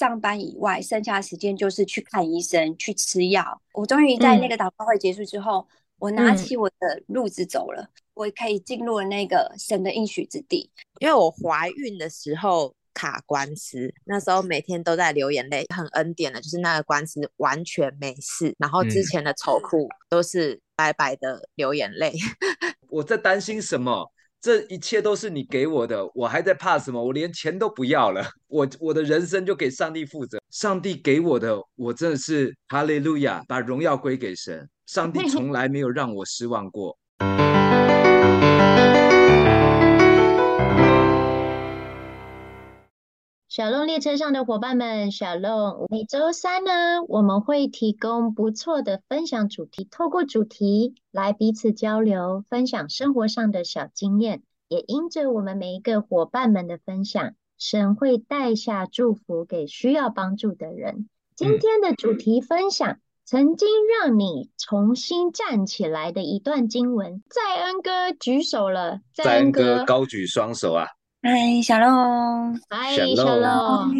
上班以外，剩下的時間就是去看醫生、去吃藥。我終於在那個禱告會結束之後，嗯、我拿起我的褥子走了，嗯、我可以進入了那個神的應許之地。因為我懷孕的時候卡官司，那時候每天都在流眼淚，很恩典的，就是那個官司完全沒事，然後之前的愁苦都是白白的流眼淚。嗯、 我在擔心什麼？這一切都是你給我的，我還在怕什麼？我連錢都不要了，我我的人生就給上帝負責。上帝給我的，我真的是哈利路亞，把榮耀歸給神。上帝從來沒有讓我失望過。 SHALOM 列車上的夥伴們，SHALOM，每周三呢，我們會提供不錯的分享主題，透過主題來彼此交流，分享生活上的小經驗。也因着我們每一個夥伴們的分享，神會帶下祝福給需要幫助的人。今天的主題分享，曾經讓你重新站起來的一段經文。在恩哥舉手了，在恩哥，在恩哥高舉雙手啊！嗨，Shalom，嗨，Shalom。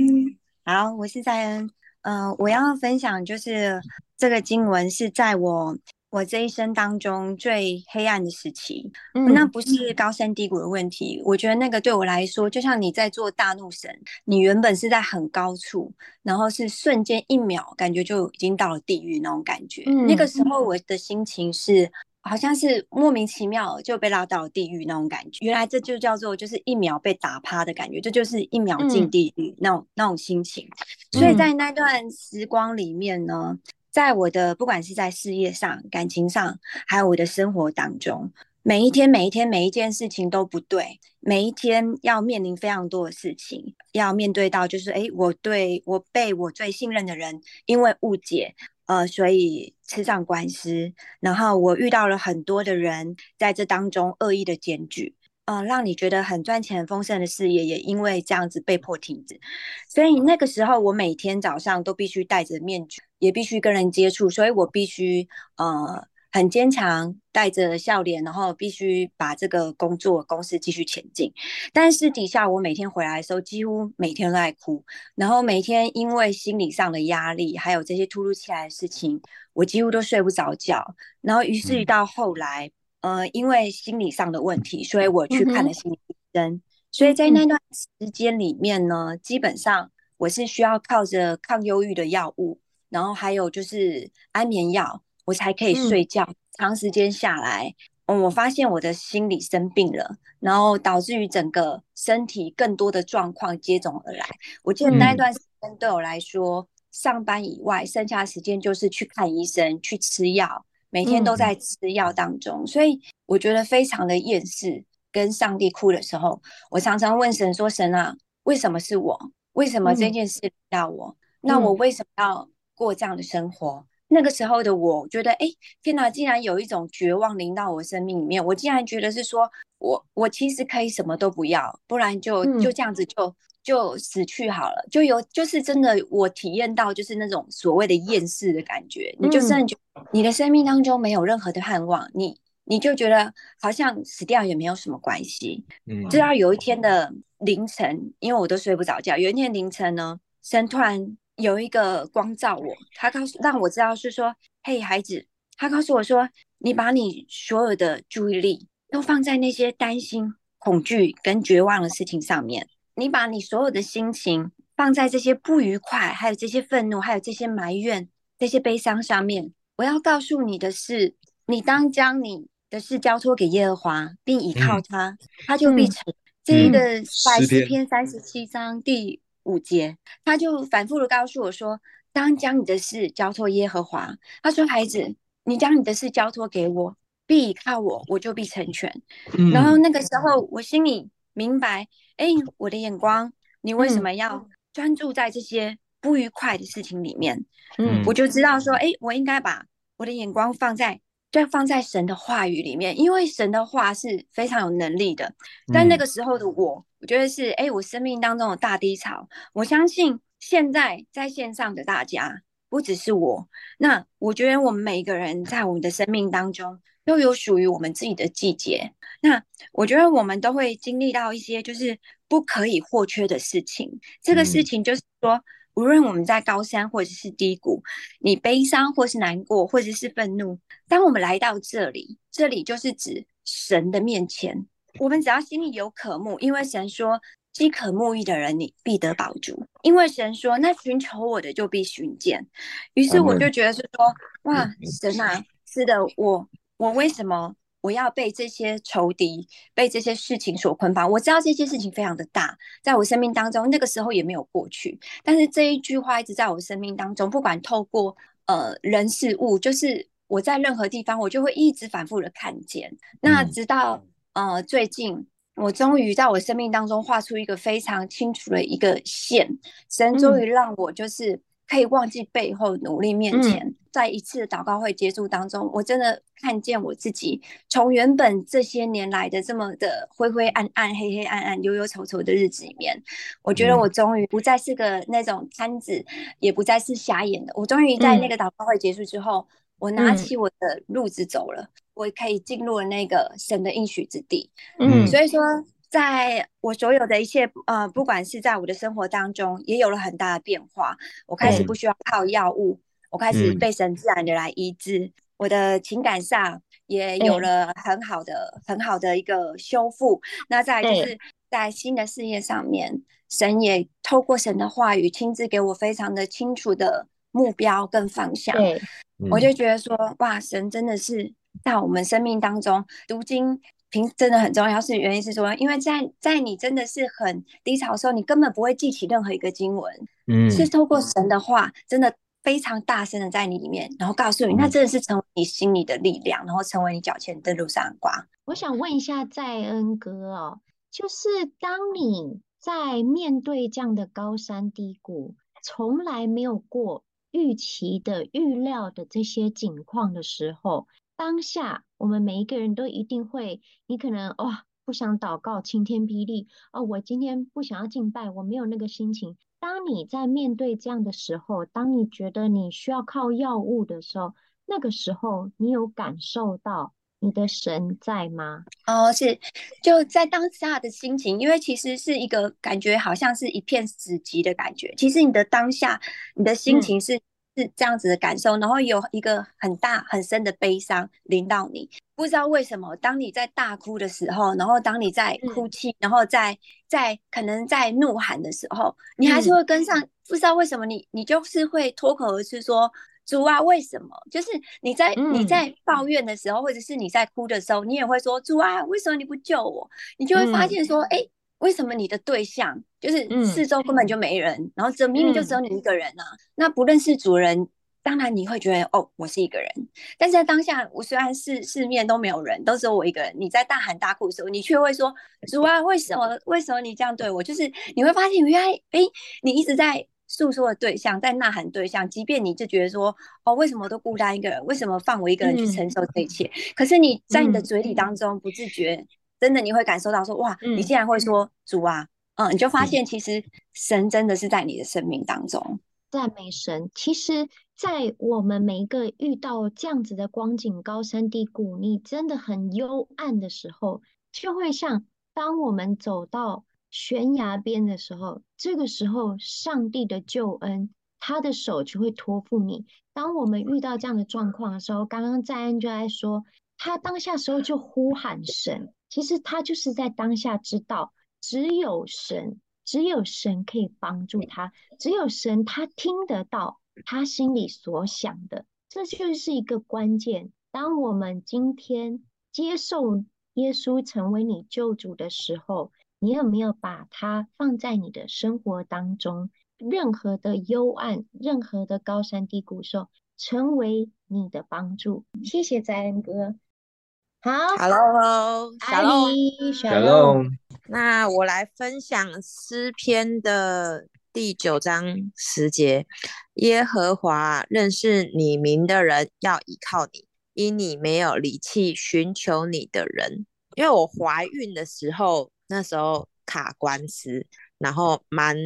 好，我是在恩。嗯、呃，我要分享就是這個經文是在我我這一生當中最黑暗的時期。嗯、那不是高山低谷的問題，嗯、我覺得那個對我來說，就像你在做大怒神，你原本是在很高處，然後是瞬間一秒，感覺就已經到了地獄那種感覺。嗯、那個時候我的心情是。好像是莫名其妙就被拉到地獄那種感覺，原來這就叫做就是一秒被打趴的感覺，這就是一秒進地獄，嗯、那種那種心情。所以在那段時光裡面呢，嗯、在我的不管是在事業上、感情上，還有我的生活當中，每一天、每一天、每一件事情都不對，每一天要面臨非常多的事情，要面對到就是哎、欸，我對我被我最信任的人因為誤解。呃，所以吃上官司，然後我遇到了很多的人在這當中惡意的檢舉，呃，讓你覺得很賺錢、很豐盛的事業也因為這樣子被迫停止。所以那個時候，我每天早上都必須戴着面具，也必須跟人接觸，所以我必須呃。很堅強，帶着笑臉，然後必須把這個工作公司繼續前進。但是私底下，我每天回來的時候，幾乎每天都愛哭，然後每天因為心理上的壓力，還有這些突如其來的事情，我幾乎都睡不着覺。然後於是到後來，呃，因為心理上的問題，所以我去看了心理醫生。所以在那段時間裡面呢，基本上我是需要靠着抗憂鬱的藥物，然後還有就是安眠藥。我才可以睡覺。嗯、長時間下來、嗯，我發現我的心理生病了，然後導致於整個身體更多的狀況接踵而來。我記得那段時間對我來說，嗯、上班以外，剩下的時間就是去看醫生、去吃藥，每天都在吃藥當中。嗯、所以我覺得非常的厭世。跟上帝哭的時候，我常常問神說：“神啊，為什麼是我？為什麼這件事要我？嗯、那我為什麼要過這樣的生活？”那個時候的我覺得，哎，天哪！竟然有一種絕望臨到我生命裡面，我竟然覺得是說，我我其實可以什麼都不要，不然就就這樣子就就死去好了。嗯、就有就是真的，我體驗到就是那種所謂的厭世的感覺。嗯、你就真的覺得你的生命當中沒有任何的盼望，你你就覺得好像死掉也沒有什麼關係。直、嗯啊、到有一天的凌晨，因為我都睡不着覺，有一天凌晨呢，神突然。有一個光照我，他告訴讓我知道是說，嘿，孩子，他告訴我說，你把你所有的注意力都放在那些擔心、恐懼跟絕望的事情上面，你把你所有的心情放在這些不愉快、還有這些憤怒、還有這些埋怨、這些悲傷上面。我要告訴你的是，你當將你的事交託給耶和華，並倚靠他，嗯、他就必成。嗯、這一個百詩篇三十七章第、嗯。嗯五節，他就反復的告訴我說：“當將你的事交託耶和華。”他說：“孩子，你將你的事交託給我，必倚靠我，我就必成全。嗯”然後那個時候，我心裡明白，哎，我的眼光，你為什麼要專注在這些不愉快的事情裡面？嗯，我就知道說，哎，我應該把我的眼光放在，就要放在神的話語裡面，因為神的話是非常有能力的。但那個時候的我。嗯我覺得是，哎、欸，我生命當中的大低潮。我相信現在在線上的大家，不只是我。那我覺得我們每一個人在我們的生命當中，都有屬於我們自己的季節。那我覺得我們都會經歷到一些就是不可以或缺的事情。嗯、這個事情就是說，無論我們在高山或者是低谷，你悲傷或是難過，或者是憤怒，當我們來到這裡，這裡就是指神的面前。我們只要心裡有渴慕，因為神說飢渴慕義的人，你必得飽足。因為神說，那尋求我的就必尋見。於是我就覺得是說，嗯、哇，嗯、神啊，是的，我我為什麼我要被這些仇敵、被這些事情所捆綁？我知道這些事情非常的大，在我生命當中，那個時候也沒有過去。但是這一句話一直在我生命當中，不管透過呃人事物，就是我在任何地方，我就會一直反覆的看見。嗯、那直到。呃，最近我終於在我生命當中畫出一個非常清楚的一個線，嗯、神終於讓我就是可以忘記背後，努力面前。在一次的禱告會結束當中，嗯、我真的看見我自己從原本這些年來的這麼的灰灰暗暗、黑黑暗暗、憂憂愁愁的日子裡面，我覺得我終於不再是個那種癱子，嗯、也不再是瞎眼的。我終於在那個禱告會結束之後。嗯嗯我拿起我的路子走了，嗯、我可以進入了那個神的應許之地。嗯，所以說，在我所有的一切呃，不管是在我的生活當中，也有了很大的變化。我開始不需要靠藥物，嗯、我開始被神自然的來醫治。嗯、我的情感上也有了很好的、嗯、很好的一個修復。那再就是在新的事業上面，嗯、神也透過神的話語，親自給我非常的清楚的。目標跟方向，對，我就覺得說，嗯、哇，神真的是在我們生命當中讀經平真的很重要是，是原因是說，是重要因為在在你真的是很低潮的時候，你根本不會記起任何一個經文，嗯、是透過神的話，真的非常大聲的在你裡面，然後告訴你，嗯、那真的是成為你心裡的力量，然後成為你腳前的路上光。我想問一下，在恩哥哦，就是當你在面對這樣的高山低谷，從來沒有過，預期的、預料的這些景況的時候，當下我們每一個人都一定會，你可能哇、哦、不想禱告，晴天霹靂哦，我今天不想要敬拜，我沒有那個心情。當你在面對這樣的時候，當你覺得你需要靠藥物的時候，那個時候你有感受到？你的神在嗎？哦，是，就在當下的心情，因為其實是一個感覺，好像是一片死寂的感覺。其實你的當下，你的心情是、嗯、是這樣子的感受，然後有一個很大很深的悲傷臨到你，不知道為什麼，當你在大哭的時候，然後當你在哭泣，嗯、然後在在可能在怒喊的時候，你還是會跟上，嗯、不知道為什麼你，你你就是會脫口而出說。主啊，為什麼？就是你在你在抱怨的時候，嗯、或者是你在哭的時候，你也會說主啊，為什麼你不救我？你就會發現說，哎、嗯欸，為什麼你的對象就是四周根本就沒人，嗯、然後這明明就只有你一個人啊？嗯、那不認識主人，當然你會覺得哦，我是一個人。但是在當下，我雖然四面都沒有人，都只有我一個人，你在大喊大哭的時候，你卻會說主啊，為什麼為什麼你這樣對我？就是你會發現原來，哎、欸，你一直在。訴說的對象，在吶喊對象，即便你就覺得說，哦，為什麼我都孤單一個人？為什麼放我一個人去承受這一切？嗯、可是你在你的嘴裡當中不自覺，嗯、真的你會感受到說，哇，嗯、你竟然會說、嗯、主啊，嗯，你就發現其實神真的是在你的生命當中，讚、嗯嗯嗯，美神，其實在我們每一個遇到這樣子的光景，高山低谷，你真的很幽暗的時候，就會像當我們走到。懸崖邊的時候，這個時候上帝的救恩，他的手就會託付你。當我們遇到這樣的狀況的時候，剛剛在恩就在說，他當下時候就呼喊神。其實他就是在當下知道，只有神，只有神可以幫助他，只有神他聽得到他心裡所想的。這就是一個關鍵。當我們今天接受耶穌成為你救主的時候。你有沒有把它放在你的生活當中？任何的幽暗，任何的高山低谷時候，成為你的幫助。謝謝在恩哥。好 Hello，Hello，Hello。那我來分享詩篇的第九章十節：耶和華認識你名的人要倚靠你，因你沒有離棄尋求你的人。因為我懷孕的時候。那時候卡官司，然後蠻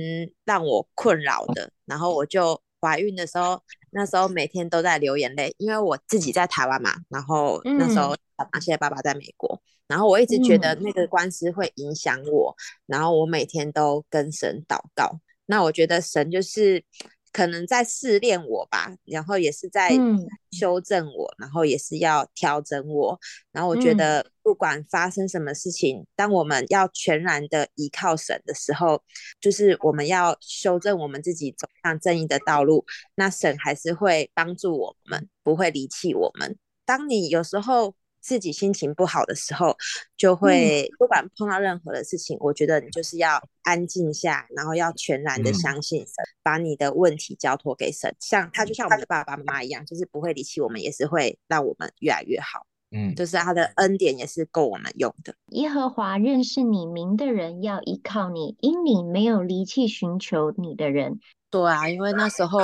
讓我困擾的。然後我就懷孕的時候，那時候每天都在流眼淚，因為我自己在台灣嘛。然後那時候小螃蟹爸爸在美國，然後我一直覺得那個官司會影響我。嗯、然後我每天都跟神禱告。那我覺得神就是。可能在試煉我吧，然後也是在修正我，嗯、然後也是要調整我。然後我覺得，不管發生什麼事情，嗯、當我們要全然的依靠神的時候，就是我們要修正我們自己走向正義的道路，那神還是會幫助我們，不會離棄我們。當你有時候，自己心情不好的時候，就會不管碰到任何的事情，嗯、我覺得你就是要安靜下，然後要全然的相信神，嗯、把你的問題交托給神。像他就像我們的爸爸媽媽一樣，就是不會離棄我們，也是會讓我們越來越好。嗯，就是他的恩典也是夠我們用的。耶和華認識你名的人要倚靠你，因你沒有離棄尋求你的人。對啊，因為那時候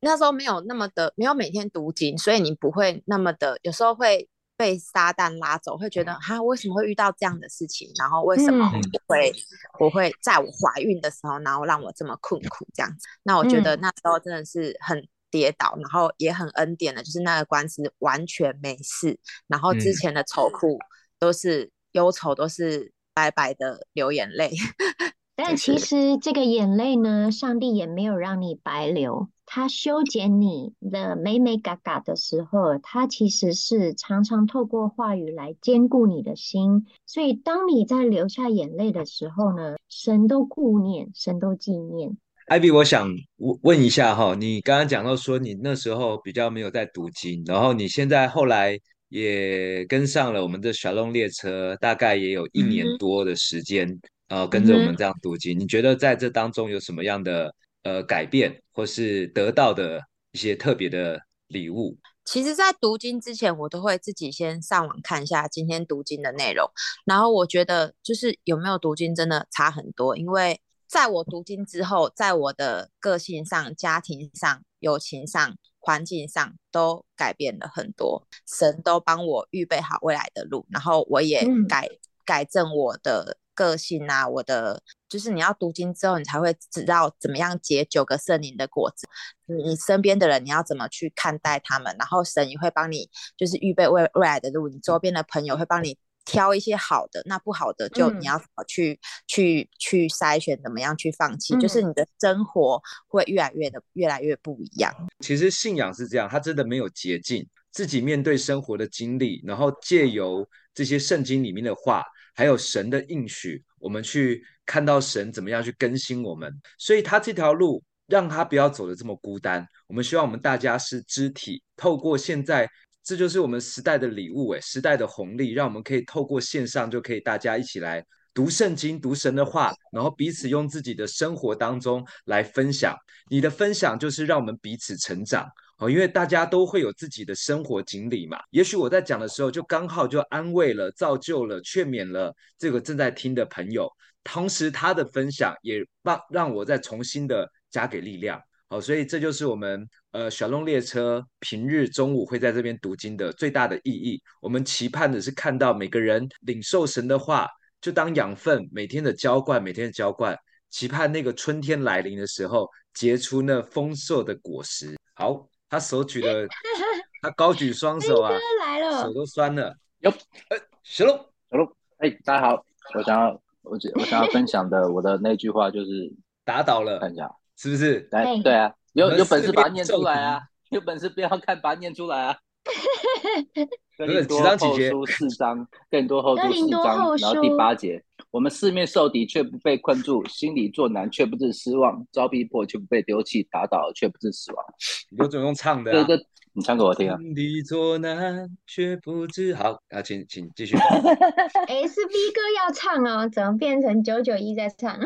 那時候沒有那麼的沒有每天讀經，所以你不會那麼的有時候會。被撒旦拉走，會覺得哈，為什麼會遇到這樣的事情？然後為什麼我會、嗯、我會在我懷孕的時候，然後讓我這麼困苦，苦這樣子？那我覺得那時候真的是很跌倒，嗯、然後也很恩典的，就是那個官司完全沒事，然後之前的愁苦都是憂愁，都是白白的流眼淚。嗯 但其實這個眼淚呢，上帝也沒有讓你白流。他修剪你的美美嘎嘎的時候，他其實是常常透過話語來堅固你的心。所以，當你在流下眼淚的時候呢，神都顧念，神都紀念。Ivy，我想問一下哈，你剛剛講到說你那時候比較沒有在讀經，然後你現在後來也跟上了我們的沙龍列車，大概也有一年多的時間。Mm hmm. 呃，跟着我們這樣讀經，嗯、你覺得在這當中有什麼樣的呃改變，或是得到的一些特別的禮物？其實，在讀經之前，我都會自己先上網看一下今天讀經的內容。然後，我覺得就是有沒有讀經真的差很多，因為在我讀經之後，在我的個性上、家庭上、友情上、環境上都改變了很多。神都幫我預備好未來的路，然後我也改、嗯、改正我的。個性啊，我的就是你要讀經之後，你才會知道怎麼樣結九個聖靈的果子。你身邊的人，你要怎麼去看待他們？然後神也會幫你，就是預備未未來的路。你周邊的朋友會幫你挑一些好的，那不好的就你要去、嗯、去去篩選，怎麼樣去放棄？嗯、就是你的生活會越來越的越來越不一樣。其實信仰是這樣，它真的沒有捷徑，自己面對生活的經歷，然後借由這些聖經裡面的話，還有神的應許，我們去看到神怎麼樣去更新我們，所以他這條路讓他不要走得這麼孤單。我們希望我們大家是肢體，透過現在，這就是我們時代的禮物、欸，哎，時代的紅利，讓我們可以透過線上就可以大家一起來讀聖經、讀神的話，然後彼此用自己的生活當中來分享。你的分享就是讓我們彼此成長。哦，因為大家都會有自己的生活經歷嘛，也許我在講的時候就剛好就安慰了、造就了、勸勉了這個正在聽的朋友，同時他的分享也幫讓我再重新的加給力量。好、哦，所以這就是我們呃 SHALOM 列車平日中午會在這邊讀經的最大的意義。我們期盼的是看到每個人領受神的話，就當養分，每天的澆灌，每天的澆灌，期盼那個春天來臨的時候結出那豐碩的果實。好。他手舉的，他高舉雙手啊， 手都酸了。喲有， 哎，小龍，小龍，哎，欸，大家好，我想要，我我想要分享的，我的那句話就是打倒了，看一下是不是？來，欸，對啊，有有本事，有本事把它念出來啊，有本事不要看把它念出來啊。哥林多後書四章，哥林多後書四章，然後第八節，我們四面受敵卻不被困住， 心裡作難卻不致失望，遭逼迫卻不被丟棄，打倒卻不致死亡。有種用唱的，啊，這你唱給我聽啊！作不知好好啊，請請繼續。S B 哥要唱哦，怎麼變成九九一在唱？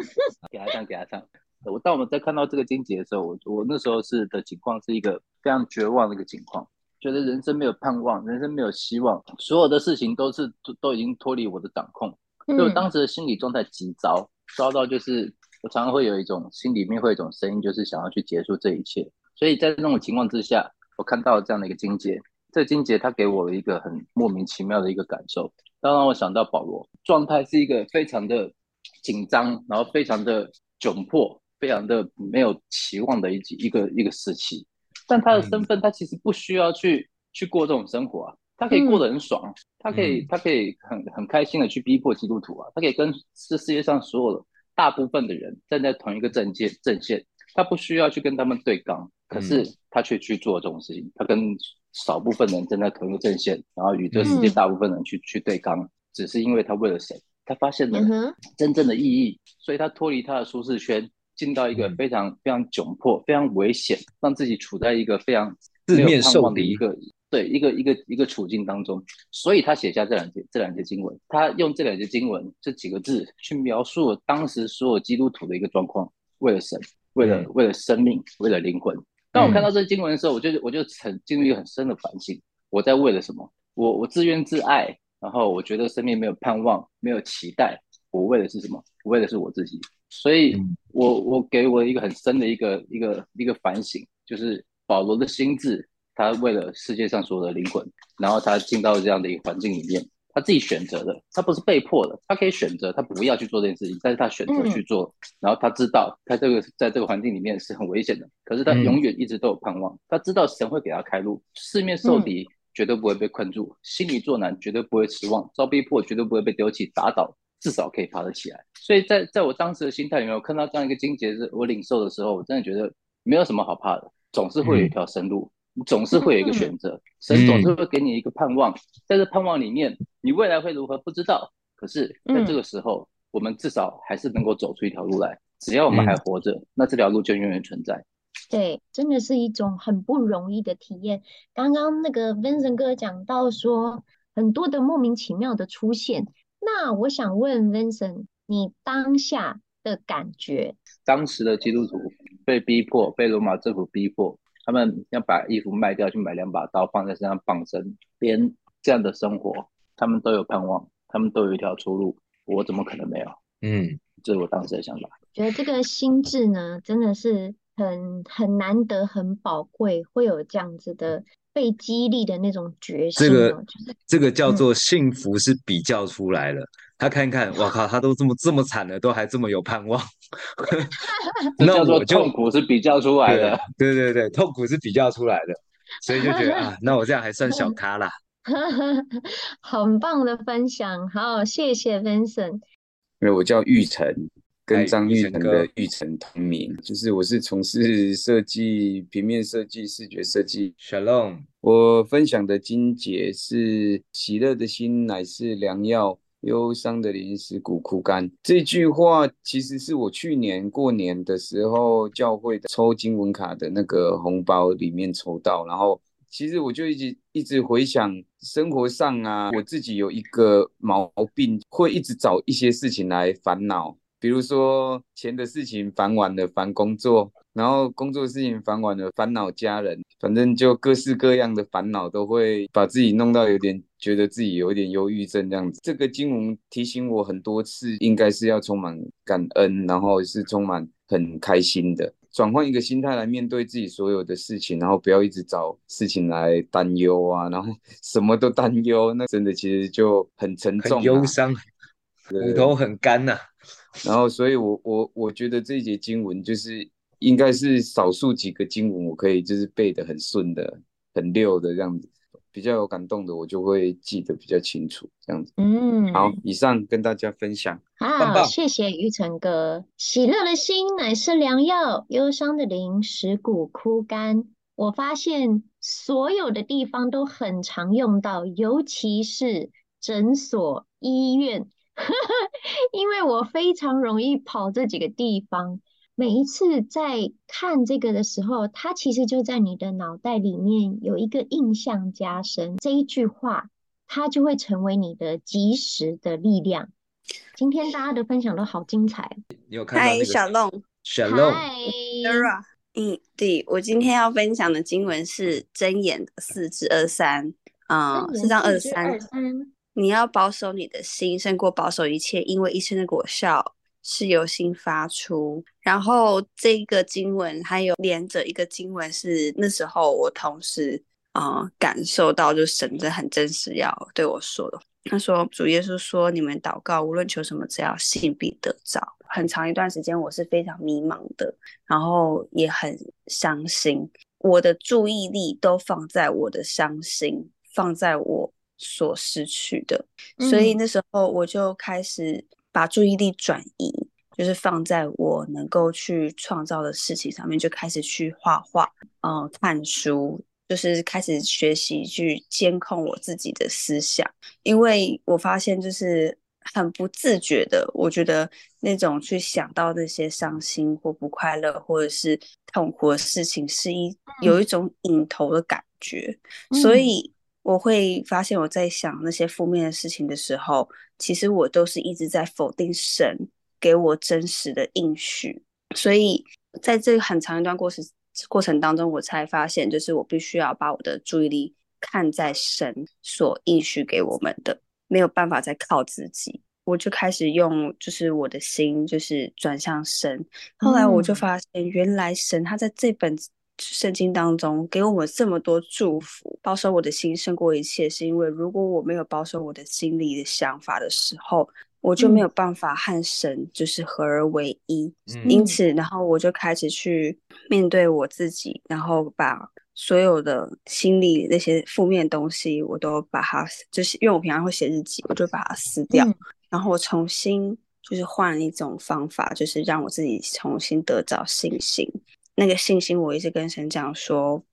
給他唱，給他唱。我當我們在看到這個經節的時候，我我那時候是的情況是一個非常絕望的一個情況。覺得人生沒有盼望，人生沒有希望，所有的事情都是都都已經脫離我的掌控，嗯、所以我當時的心理狀態極糟，糟到就是我常常會有一種心裡面會有一種聲音，就是想要去結束這一切。所以在這種情況之下，我看到了這樣的一個經節，這個經節它給我了一個很莫名其妙的一個感受，當然我想到保羅狀態是一個非常的緊張，然後非常的窘迫，非常的沒有期望的一個一個一個時期。但他的身份，他其實不需要去、嗯、去過這種生活啊，他可以過得很爽，嗯、他可以、嗯、他可以很很開心的去逼迫基督徒啊，他可以跟這世界上所有的大部分的人站在同一個陣線陣線，他不需要去跟他們對抗，嗯、可是他卻去做這種事情，他跟少部分人站在同一個陣線，然後與這世界大部分人去、嗯、去對抗，只是因為他為了誰，他發現了真正的意義，嗯、哼所以他脫離他的舒適圈。進到一個非常、嗯、非常窘迫、非常危險，讓自己處在一個非常四面受敵的一個對一個一個一個處境當中。所以他寫下這兩節這兩節經文，他用這兩節經文這幾個字去描述當時所有基督徒的一個狀況。為了神，為了、嗯、為了為了生命，為了靈魂。當我看到這經文的時候，我就我就很經歷很深的反省。我在為了什麼？我我自怨自艾，然後我覺得生命沒有盼望，沒有期待。我為的是什麼？我為的是我自己。所以我我給我一個很深的一個一個一個反省，就是保羅的心志，他為了世界上所有的靈魂，然後他進到這樣的一個環境裡面，他自己選擇的，他不是被迫的，他可以選擇他不要去做這件事情，但是他選擇去做。嗯、然後他知道他這個在這個環境裡面是很危險的，可是他永遠一直都有盼望，嗯、他知道神會給他開路，四面受敵絕對不會被困住，嗯、心裡作難絕對不會失望，遭逼迫絕對不會被丟棄打倒，至少可以爬得起來，所以在在我當時的心態裡面，我看到這樣一個經節是我領受的時候，我真的覺得沒有什麼好怕的，總是會有一條生路，嗯、總是會有一個選擇，嗯、神總是會給你一個盼望。在這盼望裡面，你未來會如何不知道，可是在這個時候，嗯、我們至少還是能夠走出一條路來。只要我們還活着，嗯、那這條路就永遠存在。對，真的是一種很不容易的體驗。剛剛那個 Vincent 哥講到說，很多的莫名其妙的出現。那我想問 Vincent，你當下的感覺？當時的基督徒被逼迫，被羅馬政府逼迫，他們要把衣服賣掉去買兩把刀，放在身上綁身，連這樣的生活，他們都有盼望，他們都有一條出路，我怎麼可能沒有？嗯，這是我當時的想法。嗯、覺得這個心智呢，真的是很很難得、很寶貴，會有這樣子的。被激勵的那種決心，這個這個叫做幸福是比較出來的。嗯、他看看，我靠，他都這麼這麼慘了，都還這麼有盼望，那 叫做痛苦是比較出來的。對對對，對痛苦是比較出來的，所以就覺得 啊，那我這樣還算小咖啦。 很棒的分享，好，謝謝 Vincent。因為我叫玉成。跟張育成的育成同名，就是我是從事設計、平面設計、視覺設計。Shalom。我分享的經節是“喜樂的心乃是良藥，憂傷的靈使骨枯乾”。這句話其實是我去年過年的時候教會的抽經文卡的那個紅包裡面抽到，然後其實我就一直一直回想生活上啊，我自己有一個毛病，會一直找一些事情來煩惱。比如說錢的事情煩完了，煩工作，然後工作的事情煩完了，煩惱家人，反正就各式各樣的煩惱都會把自己弄到有點覺得自己有一點憂鬱症這樣子。這個經文提醒我很多次，應該是要充滿感恩，然後是充滿很開心的轉換一個心態來面對自己所有的事情，然後不要一直找事情來擔憂啊，然後什麼都擔憂，那真的其實就很沉重、啊、很憂傷，骨頭對很乾吶、啊。然後，所以我我我覺得這一節經文就是應該是少數幾個經文，我可以就是背得很順的、很溜的這樣子，比較有感動的，我就會記得比較清楚這樣子。嗯，好，以上跟大家分享。好，法謝謝育成哥。喜樂的心乃是良藥，憂傷的靈使骨枯乾。我發現所有的地方都很常用到，尤其是診所、醫院。 因為我非常容易跑這幾個地方，每一次在看這個的時候，它其實就在你的腦袋裡面有一個印象加深。這一句話，它就會成為你的即時的力量。今天大家的分享都好精彩，你有看到、那個？嗨，小龍，小龍，嗯 alom，Hi uh, 對，我今天要分享的經文是《箴言》四至二三，啊，是這二三。你要保守你的心，勝過保守一切，因為一生的果效是由心發出。然後這個經文還有連着一個經文是，是那時候我同時啊、呃、感受到，就神是很真實要對我說的。他說：“主耶穌說，你們禱告，無論求什麼，只要信，必得着。”很長一段時間，我是非常迷茫的，然後也很傷心，我的注意力都放在我的傷心，放在我。所失去的，所以那時候我就開始把注意力轉移，嗯、就是放在我能夠去創造的事情上面，就開始去畫畫，嗯、呃，看書，就是開始學習去監控我自己的思想，因為我發現就是很不自覺的，我覺得那種去想到那些傷心或不快樂或者是痛苦的事情，是一、嗯、有一種隱頭的感覺，所以。嗯我會發現，我在想那些負面的事情的時候，其實我都是一直在否定神給我真實的應許。所以，在這很長一段過程過程當中，我才發現，就是我必須要把我的注意力看在神所應許給我們的，沒有辦法再靠自己。我就開始用，就是我的心，就是轉向神。嗯。後來我就發現，原來神他在這本。聖經當中給我們這麼多祝福，保守我的心勝過一切，是因為如果我沒有保守我的心裡的想法的時候，我就沒有辦法和神就是合而為一。嗯、因此，然後我就開始去面對我自己，然後把所有的心裡那些負面東西，我都把它就是因為我平常會寫日記，我就把它撕掉，嗯、然後我重新就是換一種方法，就是讓我自己重新得到信心。那個信心，我一直跟神講說，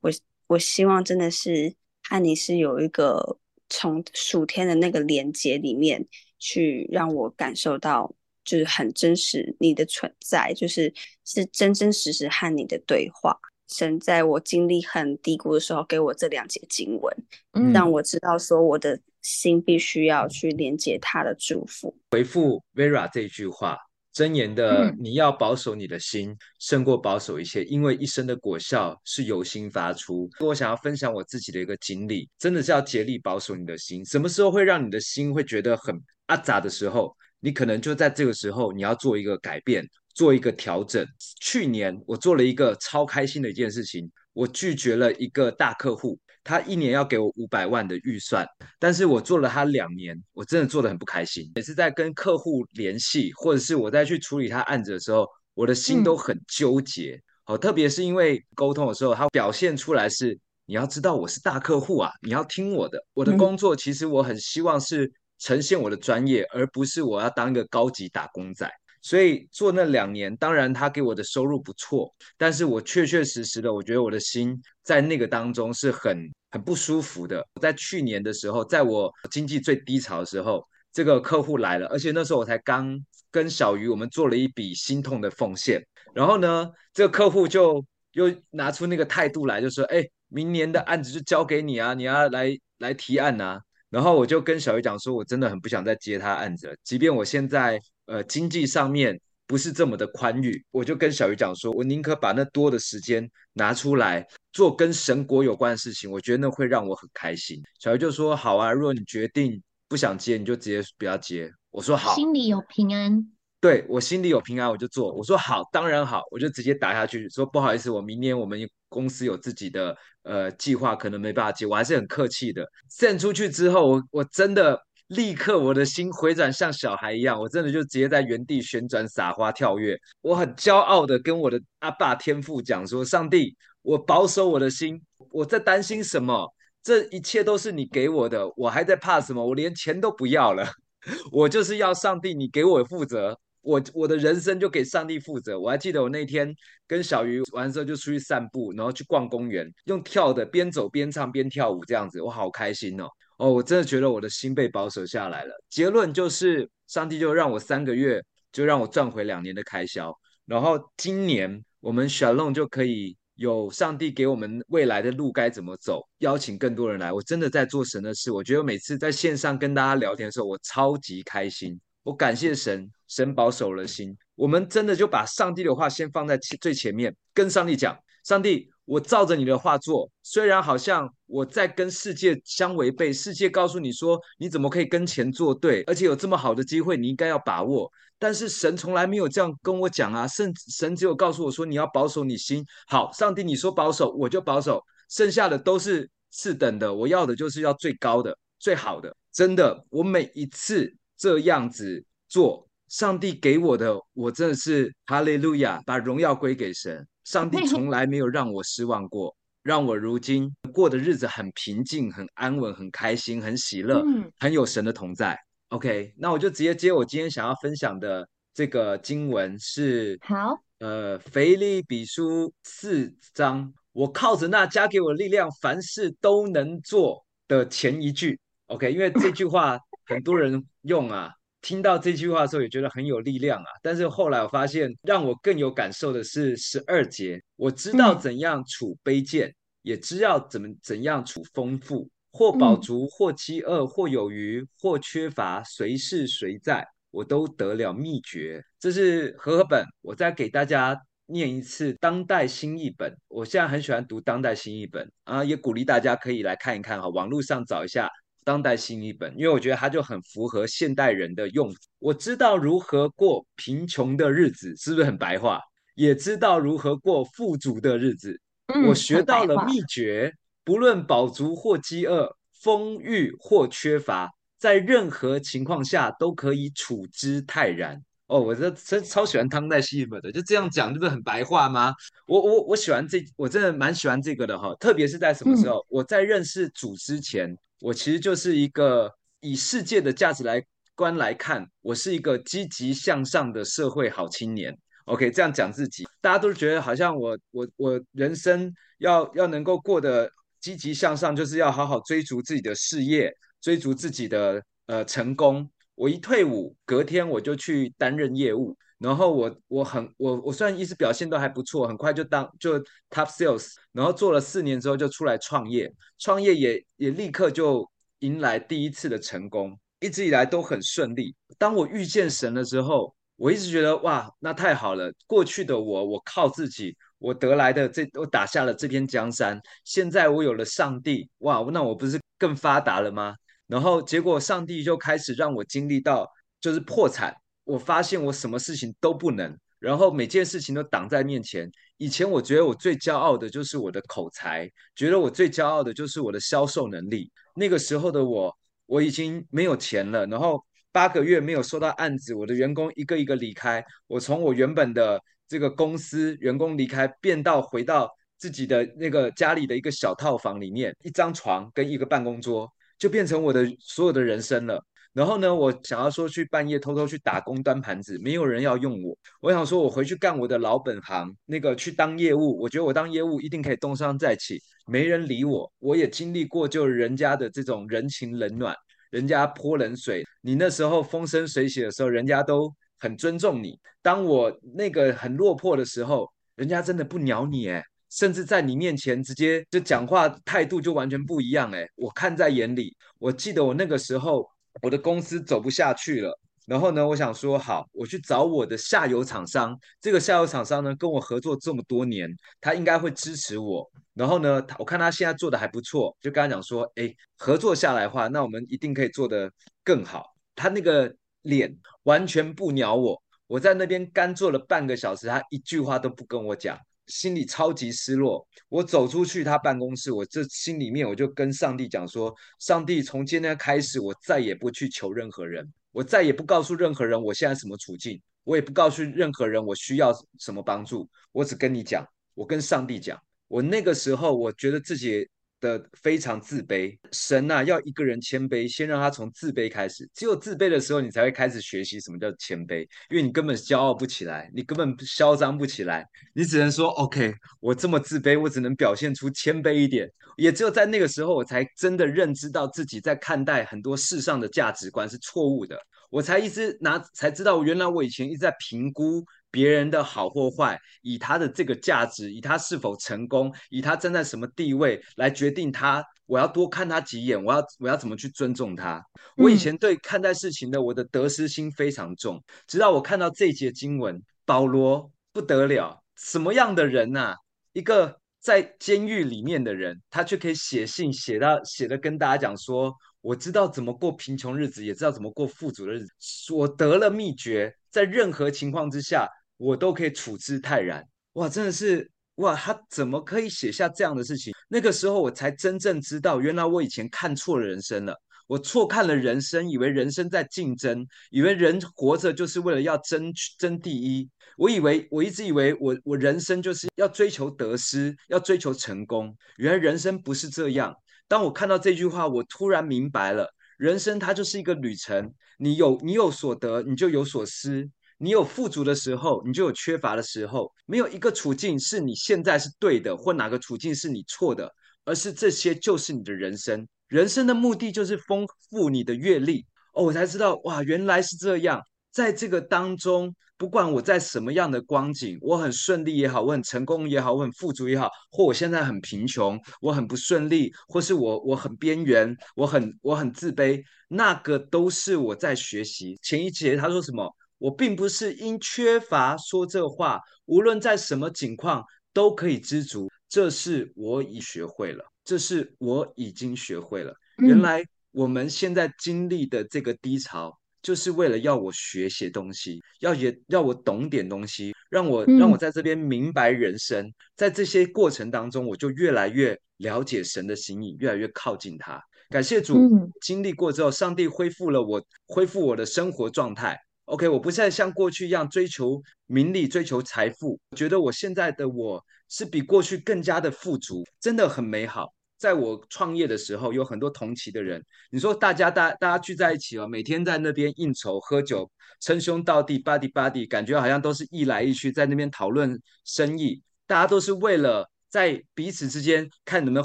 我我希望真的是和你是有一個從屬天的那個連接裡面，去讓我感受到，就是很真實你的存在，就是是真真實實和你的對話。神在我經歷很低谷的時候，給我這兩節經文，嗯，讓我知道說我的心必須要去連接他的祝福。回復 Vera 這句話。箴言的，你要保守你的心，嗯、勝過保守一切，因為一生的果效是由心發出。我想要分享我自己的一個經歷，真的是要竭力保守你的心。什麼時候會讓你的心會覺得很阿雜的時候，你可能就在這個時候，你要做一個改變，做一個調整。去年我做了一個超開心的一件事情，我拒絕了一個大客戶。他一年要給我五百萬的預算，但是我做了他兩年，我真的做得很不開心，每次在跟客戶聯繫，或者是我在去處理他案子的時候，我的心都很糾結。好、嗯哦，特別是因為溝通的時候，他表現出來是，你要知道我是大客戶啊，你要聽我的。我的工作其實我很希望是呈現我的專業，而不是我要當一個高級打工仔。所以做那兩年，當然他給我的收入不錯，但是我確確實實的，我覺得我的心在那個當中是很很不舒服的。在去年的時候，在我經濟最低潮的時候，這個客戶來了，而且那時候我才剛跟小魚我們做了一筆心痛的奉獻，然後呢，這個客戶就又拿出那個態度來，就說：“哎，明年的案子就交給你啊，你要來來提案啊。”然後我就跟小魚講說，我真的很不想再接他案子了，即便我現在呃經濟上面不是這麼的寬裕，我就跟小魚講說，我寧可把那多的時間拿出來做跟神國有關的事情，我覺得那會讓我很開心。小魚就說好啊，如果你決定不想接，你就直接不要接。我說好，心裡有平安。對，我心裡有平安，我就做。我說好，當然好，我就直接打下去。說不好意思，我明年我們公司有自己的呃計劃，可能沒辦法接。我還是很客氣的。獻出去之後，我我真的立刻我的心回轉像小孩一樣，我真的就直接在原地旋轉撒花跳躍。我很驕傲的跟我的阿爸天父講說：上帝，我保守我的心，我在擔心什麼？這一切都是你給我的，我還在怕什麼？我連錢都不要了， 我就是要上帝你給我負責。我我的人生就給上帝負責。我還記得我那天跟小魚玩之後就出去散步，然後去逛公園，用跳的，邊走邊唱邊跳舞這樣子，我好開心哦哦，我真的覺得我的心被保守下來了。結論就是，上帝就讓我三個月就讓我賺回兩年的開銷，然後今年我們 SHALOM 就可以有上帝給我們未來的路該怎麼走，邀請更多人來。我真的在做神的事，我覺得每次在線上跟大家聊天的時候，我超級開心。我感謝神，神保守了心。我們真的就把上帝的話先放在最前面，跟上帝講：上帝，我照着你的話做。雖然好像我在跟世界相違背，世界告訴你說，你怎麼可以跟錢作對，而且有這麼好的機會，你應該要把握。但是神從來沒有這樣跟我講啊，甚神只有告訴我說，你要保守你心。好，上帝你說保守，我就保守。剩下的都是次等的，我要的就是要最高的、最好的。真的，我每一次，這樣子做，上帝給我的，我真的是哈利路亞，把榮耀歸給神。上帝從來沒有讓我失望過，讓我如今過的日子很平靜、很安穩、很開心、很喜樂、很有神的同在。OK，那我就直接接我今天想要分享的這個經文是：好，呃，腓立比書四章，我靠着那加給我的力量，凡事都能做的前一句。OK，因為這句話。 很多人用啊，聽到這句話的時候也覺得很有力量啊。但是後來我發現，讓我更有感受的是十二節。我知道怎樣處卑賤，也知道怎麼怎樣處豐富。或飽足，或飢餓，或有餘，或缺乏，隨事隨在，我都得了秘訣。這是和合、合本，我再給大家念一次當代新譯本。我現在很喜歡讀當代新譯本啊，也鼓勵大家可以來看一看哈，網絡上找一下。當代新一本，因為我覺得它就很符合現代人的用。我知道如何過貧窮的日子，是不是很白話？也知道如何過富足的日子。嗯、我學到了秘訣，不論飽足或飢餓，豐裕或缺乏，在任何情況下都可以處之泰然。哦，我真的超超喜歡湯代西聞的，就這樣講，這不是很白話嗎？我我我喜歡這，我真的蠻喜歡這個的哈、哦。特別是在什麼時候，嗯、我在認識主之前，我其實就是一個以世界的價值來觀來看，我是一個積極向上的社會好青年。OK，這樣講自己，大家都覺得好像我我我人生要要能夠過得積極向上，就是要好好追逐自己的事業，追逐自己的呃成功。我一退伍，隔天我就去擔任業務，然後我我很我我雖然一直表現都還不錯，很快就當就 top sales，然後做了四年之後就出來創業，創業也也立刻就迎來第一次的成功，一直以來都很順利。當我遇見神了之後，我一直覺得哇，那太好了！過去的我，我靠自己，我得來的這我打下了這片江山，現在我有了上帝，哇，那我不是更發達了嗎？然後結果，上帝就開始讓我經歷到，就是破產。我發現我什麼事情都不能，然後每件事情都擋在面前。以前我覺得我最驕傲的就是我的口才，覺得我最驕傲的就是我的銷售能力。那個時候的我，我已經沒有錢了。然後八個月沒有收到案子，我的員工一個一個離開。我從我原本的這個公司員工離開，變到回到自己的那個家裡的一個小套房裡面，一張床跟一個辦公桌。就變成我的所有的人生了。然後呢，我想要說去半夜偷偷去打工端盤子，沒有人要用我。我想說，我回去幹我的老本行，那個去當業務。我覺得我當業務一定可以東山再起。沒人理我，我也經歷過就人家的這種人情冷暖，人家潑冷水。你那時候風生水起的時候，人家都很尊重你。當我那個很落魄的時候，人家真的不鳥你哎、欸。甚至在你面前直接就講話態度就完全不一樣誒、欸，我看在眼裡。我記得我那個時候我的公司走不下去了，然後呢，我想說好，我去找我的下游廠商。這個下游廠商呢，跟我合作這麼多年，他應該會支持我。然後呢，他我看他現在做得還不錯，就跟他講說，誒，合作下來的話，那我們一定可以做得更好。他那個臉完全不鳥我，我在那邊乾坐了半個小時，他一句話都不跟我講。心裡超級失落，我走出去他辦公室，我這心裡面我就跟上帝講說：上帝，從今天開始，我再也不去求任何人，我再也不告訴任何人我現在什麼處境，我也不告訴任何人我需要什麼幫助，我只跟你講，我跟上帝講。我那個時候我覺得自己。的非常自卑。神啊，要一個人謙卑，先讓他從自卑開始。只有自卑的時候，你才會開始學習什麼叫謙卑，因為你根本驕傲不起來，你根本囂張不起來，你只能說 OK，我這麼自卑，我只能表現出謙卑一點。也只有在那個時候，我才真的認知到自己在看待很多事上的價值觀是錯誤的，我才一直拿才知道，原來我以前一直在評估。別人的好或壞，以他的這個價值，以他是否成功，以他站在什麼地位來決定他。我要多看他幾眼，我要我要怎麼去尊重他？嗯、我以前對看待事情的，我的得失心非常重。直到我看到這一節經文，保羅不得了，什麼樣的人吶、啊？一個在監獄裡面的人，他卻可以寫信寫到寫的跟大家講說，我知道怎麼過貧窮日子，也知道怎麼過富足的日子，我得了秘訣，在任何情況之下。我都可以處之泰然，哇，真的是哇，他怎麼可以寫下這樣的事情？那個時候我才真正知道，原來我以前看錯了人生了，我錯看了人生，以為人生在競爭，以為人活着就是為了要爭爭第一，我以為我一直以為我我人生就是要追求得失，要追求成功，原來人生不是這樣。當我看到這句話，我突然明白了，人生它就是一個旅程，你有你有所得，你就有所失。你有富足的時候，你就有缺乏的時候，沒有一個處境是你現在是對的，或哪個處境是你錯的，而是這些就是你的人生。人生的目的就是豐富你的閱歷。哦，我才知道，哇，原來是這樣。在這個當中，不管我在什麼樣的光景，我很順利也好，我很成功也好，我很富足也好，或我現在很貧窮，我很不順利，或是我我很邊緣，我很我很自卑，那個都是我在學習。前一節，他說什麼？我並不是因缺乏說這話，無論在什麼境況都可以知足，這是我已學會了，這是我已經學會了。嗯、原來我們現在經歷的這個低潮，就是為了要我學些東西，要也要我懂點東西，讓我讓我在這邊明白人生。嗯、在這些過程當中，我就越來越了解神的心意，越來越靠近他。感謝主，經歷過之後，上帝恢復了我，恢復我的生活狀態。OK，我不再像過去一樣追求名利、追求財富，覺得我現在的我是比過去更加的富足，真的很美好。在我創業的時候，有很多同期的人，你說大家大家大家聚在一起哦，每天在那邊應酬、喝酒、稱兄道弟、body body，感覺好像都是一來一去在那邊討論生意，大家都是為了在彼此之間看能不能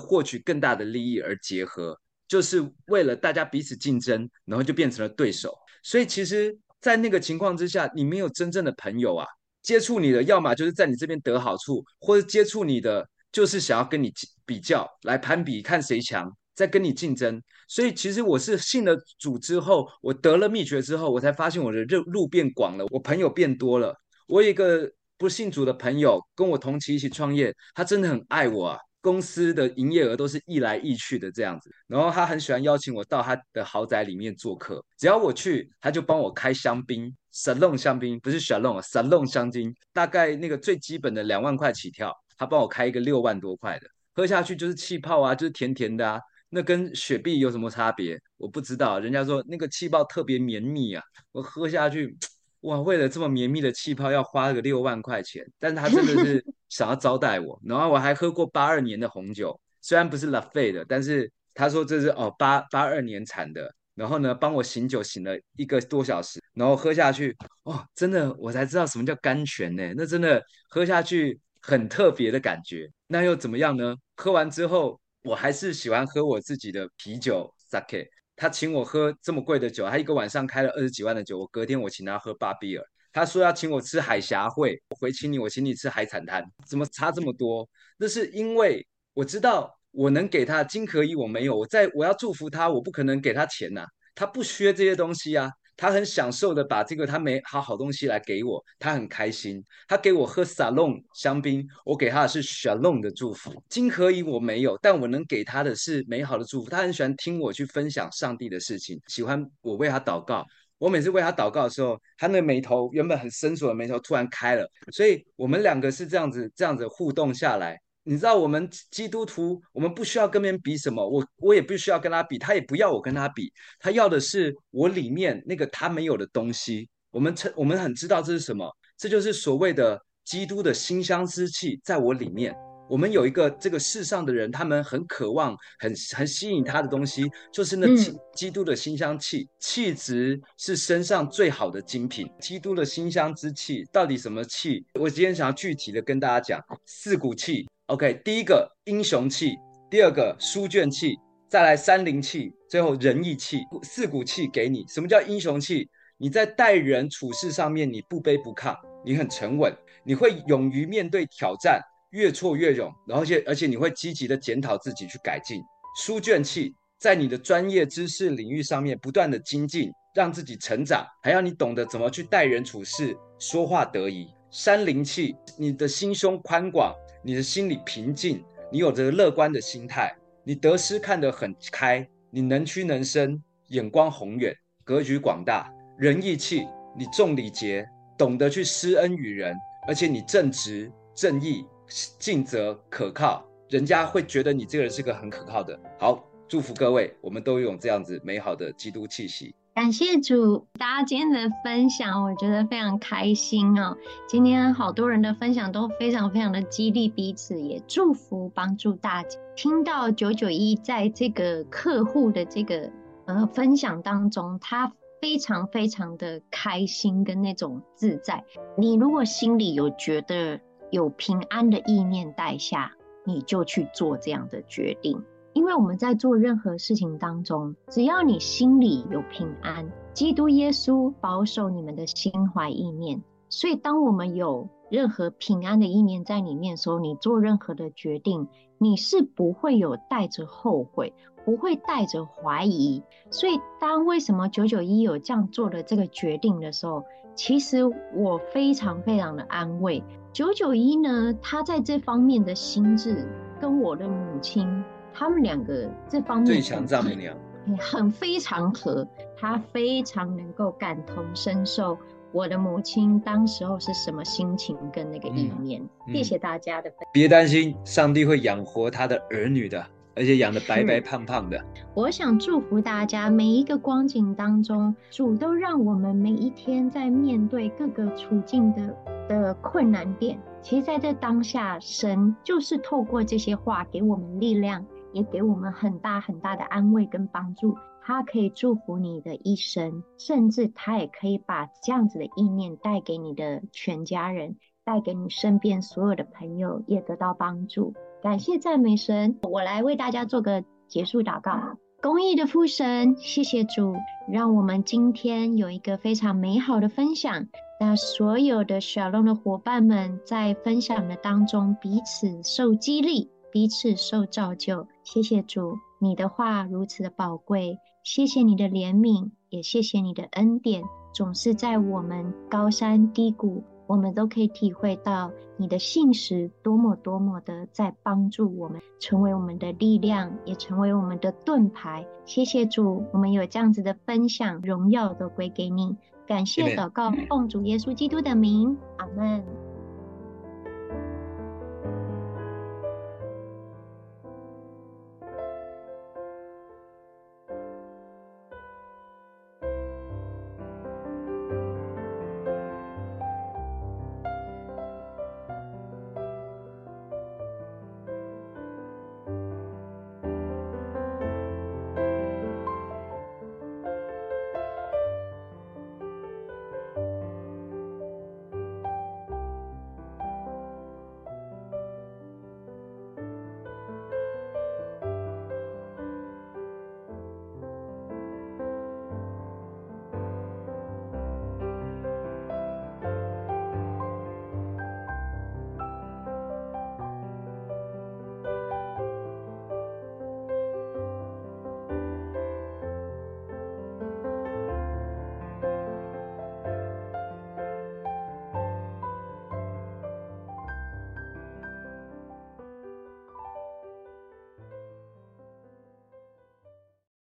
獲取更大的利益而結合，就是為了大家彼此競爭，然後就變成了對手。所以其實。在那個情況之下，你沒有真正的朋友啊！接觸你的，要麼就是在你這邊得好處，或者接觸你的就是想要跟你比較來攀比，看誰強，在跟你競爭。所以，其實我是信了主之後，我得了秘訣之後，我才發現我的路變廣了，我朋友變多了。我有一個不信主的朋友跟我同期一起創業，他真的很愛我啊。公司的營業額都是溢來溢去的這樣子，然後他很喜歡邀請我到他的豪宅裡面做客，只要我去，他就幫我開香檳，沙龍香檳不是沙龍，沙龍香檳，大概那個最基本的兩萬塊起跳，他幫我開一個六萬多塊的，喝下去就是氣泡啊，就是甜甜的啊，那跟雪碧有什麼差別？我不知道，人家說那個氣泡特別綿密啊，我喝下去，哇，為了這麼綿密的氣泡要花個六萬塊錢，但是他真的是。 想要招待我，然後我還喝過八二年的紅酒，雖然不是拉菲的，但是他說，這是哦八八二年產的。然後呢，幫我醒酒醒了一個多小時，然後喝下去，哦，真的我才知道什麼叫甘泉呢，那真的喝下去很特別的感覺。那又怎麼樣呢？喝完之後，我還是喜歡喝我自己的啤酒。Sake，他請我喝這麼貴的酒，他一個晚上開了二十幾萬的酒，我隔天我請他喝巴比爾。他說要請我吃海峽會，我回請你，我請你吃海產攤，怎麼差這麼多？那是因為我知道我能給他金可以，我沒有，我在我要祝福他，我不可能給他錢吶、啊，他不缺這些東西啊，他很享受的把這個他美好好東西來給我，他很開心，他給我喝沙龍香檳，我給他的是 SHALOM 的祝福，金可以，我沒有，但我能給他的是美好的祝福，他很喜歡聽我去分享上帝的事情，喜歡我為他禱告。我每次為他禱告的時候，他那個眉頭原本很深鎖的眉頭突然開了，所以我們兩個是這樣子這樣子互動下來。你知道，我們基督徒，我們不需要跟別人比什麼，我我也不需要跟他比，他也不要我跟他比，他要的是我裡面那個他沒有的東西。我們稱我們很知道這是什麼，這就是所謂的基督的馨香之氣在我裡面。我們有一個這個世上的人，他們很渴望，很很吸引他的東西，就是那基、基督的馨香氣，氣質是身上最好的精品。基督的馨香之氣到底什麼氣？我今天想要具體的跟大家講四股氣。OK，第一個英雄氣，第二個書卷氣，再來三靈氣，最後仁義氣。四股氣給你，什麼叫英雄氣？你在待人處事上面，你不卑不亢，你很沉穩，你會勇於面對挑戰。越挫越勇，而且而且你會積極的檢討自己去改進。書卷氣，在你的專業知識領域上面不斷的精進，讓自己成長，還要你懂得怎麼去待人處事，說話得宜。山林氣，你的心胸寬廣，你的心裡平靜，你有着樂觀的心態，你得失看得很開，你能屈能伸，眼光宏遠，格局廣大。仁義氣，你重禮節，懂得去施恩於人，而且你正直正義，盡責可靠，人家會覺得你這個人是個很可靠的。好，祝福各位，我們都擁有這樣子美好的基督氣息。感謝主，大家今天的分享，我覺得非常開心哦。今天好多人的分享都非常非常的激勵彼此，也祝福幫助大家。聽到九九一在這個客戶的這個呃分享當中，他非常非常的開心跟那種自在。你如果心裡有覺得。有平安的意念帶下，你就去做這樣的決定。因為我們在做任何事情當中，只要你心裡有平安，基督耶穌保守你們的心懷意念。所以，當我們有任何平安的意念在裡面的時候，你做任何的決定，你是不會有帶着後悔，不會帶着懷疑。所以，當為什麼九九一有這樣做的這個決定的時候，其實我非常非常的安慰。九九一呢，他在這方面的心智跟我的母親，他們兩個這方面最強丈母娘，很非常合，他非常能夠感同身受我的母親當時候是什麼心情跟那個意念。嗯嗯、謝謝大家的分享。別擔心，上帝會養活他的兒女的。而且養得白白胖胖的。我想祝福大家，每一個光景當中，主都讓我們每一天在面對各個處境的的困難點。其實在這當下，神就是透過這些話給我們力量，也給我們很大很大的安慰跟幫助。他可以祝福你的一生，甚至他也可以把這樣子的意念帶給你的全家人，帶給你身邊所有的朋友，也得到幫助。感謝讚美神，我來為大家做個結束禱告。公義的父神，謝謝主，讓我們今天有一個非常美好的分享。那所有的 SHALOM 的夥伴們在分享的當中，彼此受激勵，彼此受造就。謝謝主，你的話如此的寶貴。謝謝你的憐憫，也謝謝你的恩典，總是在我們高山低谷。我們都可以體會到你的信實多麼多麼的在幫助我們，成為我們的力量，也成為我們的盾牌。謝謝主，我們有這樣子的分享，榮耀都歸給你。感謝禱告，奉主耶穌基督的名，阿門。